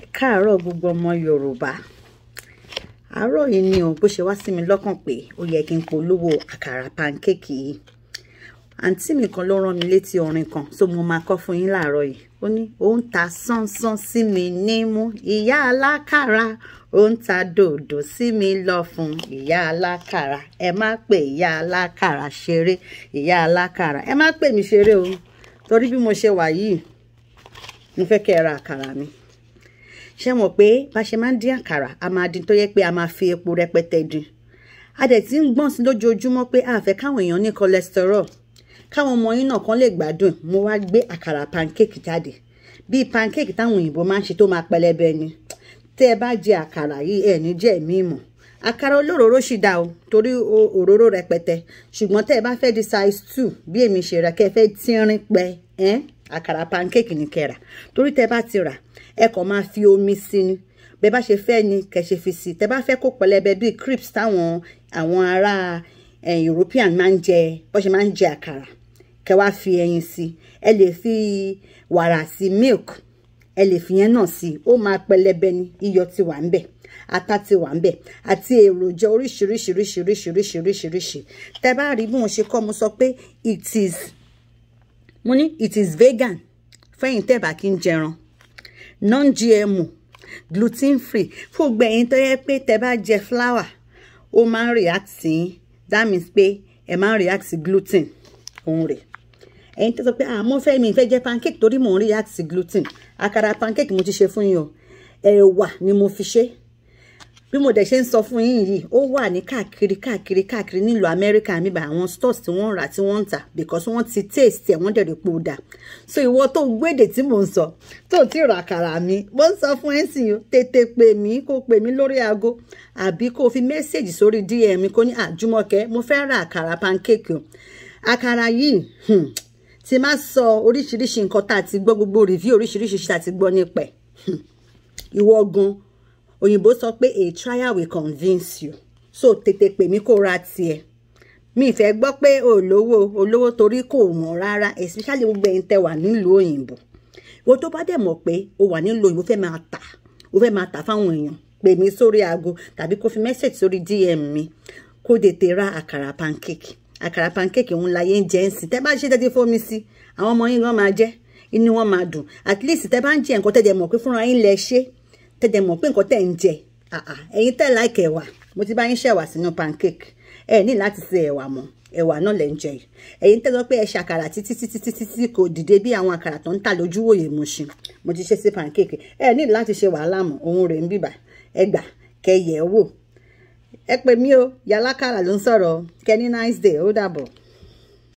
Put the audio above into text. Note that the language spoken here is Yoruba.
ẹ káàárọ̀ gbogbo ọmọ yorùbá àárọ̀ yìí ni òun bó ṣe wá sí mi lọ́kàn pé ó yẹ kí n polówó àkàrà pankéèkì yìí àǹtí mi kan ló rán mi létí orin kan so mo máa kọ́ fún yín láàárọ̀ yìí ó ní ó ń ta sánsán sí mi nímú ìyá alákàrà ó ń ta dòdò sí mi lọ́fun ìyá alákàrà ẹ má pè ìyá alákàrà ṣeré ìyá alákàrà ẹ má pè mí ṣeré o torí bí mo ṣe wà yìí mo fẹ́ kẹ́ ra àkàrà mi ṣé mọ̀ pé bá ṣe máa ń dín àkàrà a máa dín tó yẹ pé a máa fi epo rẹpẹtẹ dín a dẹ̀ ti ń gbọ́n sí lójoojúmọ́ pé a fẹ́ káwọn èèyàn ní cholesterol káwọn ọmọ yín náà kan lè gbádùn mo wá gbé àkàrà pancake jáde bíi pancake táwọn òyìnbó máa ń ṣe tó máa pẹlẹbẹ ni tẹ́ ẹ bá jẹ àkàrà yìí ẹ̀ ní jẹ́ mí mọ̀ àkàrà olóróró sì dá o torí òróró rẹpẹtẹ ṣùgbọ́n tẹ́ ẹ bá fẹ́ di size two bí èmi ṣe rẹ̀ kẹ́ ẹ tínrín pẹ́ ẹ́ eh? àkàrà pancake ni kẹrà torí tẹ bá ti rà ẹ kàn máa fi omi sí ni bẹ bá ṣe fẹ́ ni kẹ ṣe fi sí tẹ bá fẹ́ kó pẹlẹbẹ bíi crisps táwọn àwọn ará European máa ń jẹ bó ṣe máa ń jẹ àkàrà kẹ wá fi ẹyin sí ẹ lè fi wàrà sí milk ẹ lè fi yẹn náà sí ó máa pẹlẹbẹ ni iyọ̀ ti wà ń bẹ ata ti wà ń bẹ àti èròjà oríṣiríṣiríṣiríṣiríṣiríṣiríṣi tẹ bá rí bí mo ṣe kọ́ mo sọ pé it is mo ní it is vegan fẹ́yìn tẹ́bà kí n jẹran non-gmo gluten free fún gbẹ̀yìn tó yẹ pé tẹ́ bá jẹ flour ó máa ń react sí that means pé ẹ máa ń react sí gluten òun rẹ̀ ẹ̀yin tó sọ pé àmọ́ ah, fẹ́ mi fẹ́ jẹ pancake torí mò ń react sí gluten àkàrà pancake mo ti ṣe fún yín o ẹ̀wà ni mo fi ṣe é bí mo dẹ̀ ṣe ń sọ fún yín yìí ó wà ní káàkiri káàkiri káàkiri nílùú amẹ́ríkà níbà àwọn stores tí wọ́n ń rà tí wọ́n ń tà because wọ́n ti taste ẹ̀ wọ́n dẹ̀ rí pé so ìwọ tó gbédè tí mò ń sọ tó ti rà kàrà mi mo ń sọ fún ẹ̀sìn yìí tètè pè mí kó pè mí lórí aago àbí kó fi mẹ́sẹ̀gì sórí dm mi kó ní àjùmọ̀kẹ́ mo fẹ́ ra àkàrà pancake o àkàrà yìí hmm, ti máa sọ oríṣiríṣi nǹkan tá a ti gbọ́ gbogbo review oríṣiríṣi tá a ti gbọ́ nípa ẹ̀ hmm, ìwọ gan-an òyìnbó sọ pé a trial will convince you so tètè pè mí kó ra tiẹ̀ mi fẹ́ gbọ́ pé olówó olówó torí kò wọ́n rárá especially gbogbo ẹ̀yin tẹ́ wà nílùú òyìnbó wo tó bá dẹ̀ mọ̀ pé o wà nílùú òyìnbó fẹ́ máa tà o fẹ́ máa tà fáwọn èèyàn pè mí sórí aago tàbí kó fi message sórí dm mi kó tètè ra àkàrà pancake àkàrà pancake òun láyé ń jẹ́ ń sìn tẹ́ bá ṣe tẹ́tí fómi sí àwọn ọmọ yín wọ́n máa jẹ́ inú wọn máa dùn at least tẹ́ bá ń jẹ nǹkan tẹ́ dẹ̀ mọ̀ pé fúnra yín lẹ ṣe tẹ́jẹ̀ mọ̀ pé nǹkan tẹ̀ ń jẹ ah, ah. ẹ̀yin tẹ̀ láìkẹ̀ ẹ̀wà mo ti bá yín ṣẹ̀wà sínú pancake ẹ ní láti ṣe ẹ̀wà mọ́ ẹ̀wà náà lẹ̀ ń jẹ yìí ẹ̀yin tẹ́ lọ pé ẹ ṣàkàrà títí títí títí tí kò dìde bí àwọn àkàrà tó ń tà lójú wòye mo ṣe mo ti ṣe sí pancake ẹ ní láti ṣe wàhálà mọ́ òun rẹ̀ ń bìbà ẹ gbà kẹ́ yẹ̀ wò ẹ pè mí o yàlákàrà ló ń sọ̀rọ̀ kẹ́ ní nice day ó dàbọ̀.